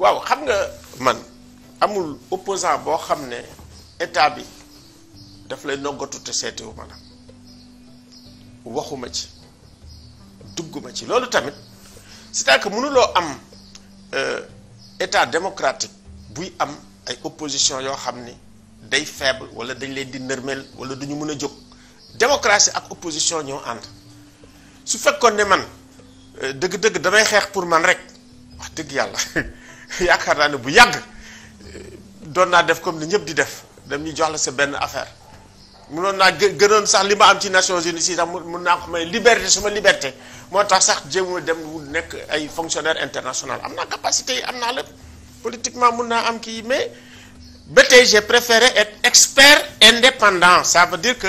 waaw xam nga man amul opposant boo xam ne état bi daf lay noggatu te seetiwu ma la waxuma ci dugguma ci loolu tamit cest à que mënuloo am euh, état démocratique buy am ay opposition yoo xam ne day faible wala dañ leen di nërmeel wala duñu mën a jóg démocratie ak opposition ñoo ànd su fekkoon ne man euh, dëgg-dëgg damay xeex pour man rek wax dëgg yàlla yaakaar naa ne bu yàgg doon naa def comme ni ñëpp di def dem ñu jox la sa benn affaire munoon naa gënoon sax li ma am ci Nations Unies si sax mun naa ko may liberté suma liberté moo tax sax jéem dem wu nekk ay fonctionnaire international am naa capacité yi am naa politiquement mun naa am kii mais ba tey j'ai préféré être expert indépendant ça veut dire que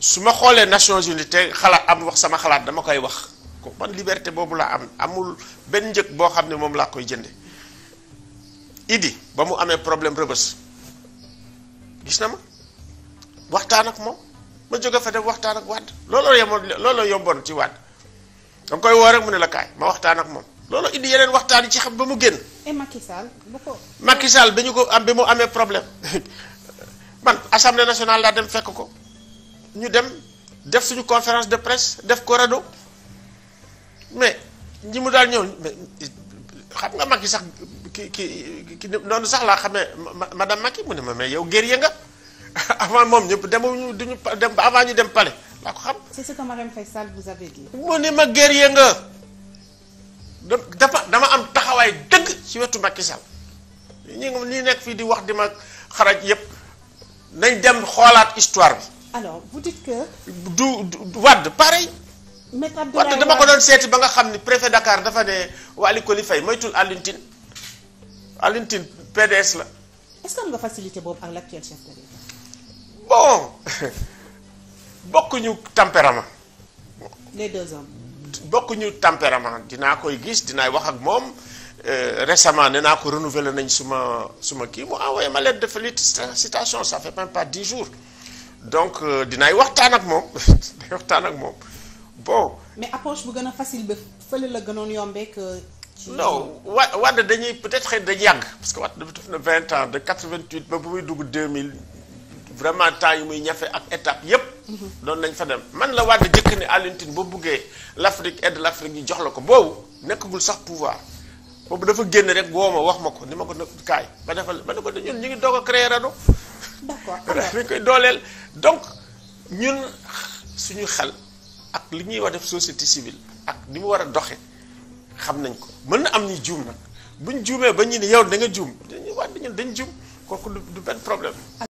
su ma xoolee Nations Unies te xalaat am wax sama xalaat dama koy wax ko man liberté boobu laa am amul benn njëg boo xam ne moom laa koy jënde Idi ba mu amee problème rëbës gis na ma waxtaan ak moom ma jóge fa dem waxtaan ak Wade looloo yemoon looloo yomboon ci Wade da koy woor rek mu ne la kaay ma waxtaan ak moom looloo indi yeneen waxtaan yi ci xam ba mu génn. et Macky Sall ko. Macky Sall bi ko am bi amee problème man assemblée nationale laa dem fekk ko ñu dem def suñu conférence de presse def ko rajo mais ñi mu daal ñëw xam nga Macky sax. ki ki ki noonu sax laa xamee madame Macky mu ne ma mais yow guerrier nga avant moom ñëpp demuñu duñu dem avant ñu dem laa ko xam. c'est ce que Marème Faye Sall vous avait dit. mu ne ma guerrier nga dafa dama am taxawaay dëgg ci wetu Macky Sall ñi ñi nekk fii di wax di ma xaraj yëpp nañ dem xoolaat histoire bi. alors vous dites que. du du Wade pareil. Maître Abdoulaye dama ko doon seeti ba nga xam ni préfet Dakar dafa ne Waly Koly Faye moytul Alioune Tine Alioune Tine la. est-ce que am nga facilité boobu ak l'actuel chef de l'État. bon bokkuñu tempérament. bokkuñu tempérament dinaa koy gis dinaay wax ak moom euh, récemment nee naa ko renouveler nañ suma suma kii mu envoyé ma lettre de félicitation ça fait même pas dix jours donc euh, dinaay waxtaan ak moom dinaay waxtaan ak moom bon. mais approche bu gën a facile ba fële la gënoon yombee non wa Wade dañuy peut-être xëy dañuy yàgg parce que dafa def na vingt ans de quatre-vingt-huit ba bu muy dugg deux mille vraiment temps yi muy ñafe ak étape yépp doon mhm. nañ fa dem man la Wade jëkk ni Alioune Tine boo buggee l'Afrique aide l'Afrique ñu jox la ko boobu nekkagul sax pouvoir boobu dafa génn rek woo ma wax ma ko ni ma ko nag kaay ba defal ba ne ko ñun ñu ngi doog a créer rado d'accord dañ koy dooleel donc ñun suñu xel ak li ñuy wax def société civile ak ni mu war a doxe xam nañ ko mën na am ñuy juum nag ñu juumee ba ñu ne yow da nga juum dañuy wax ñun dañ juum kooku du du benn problème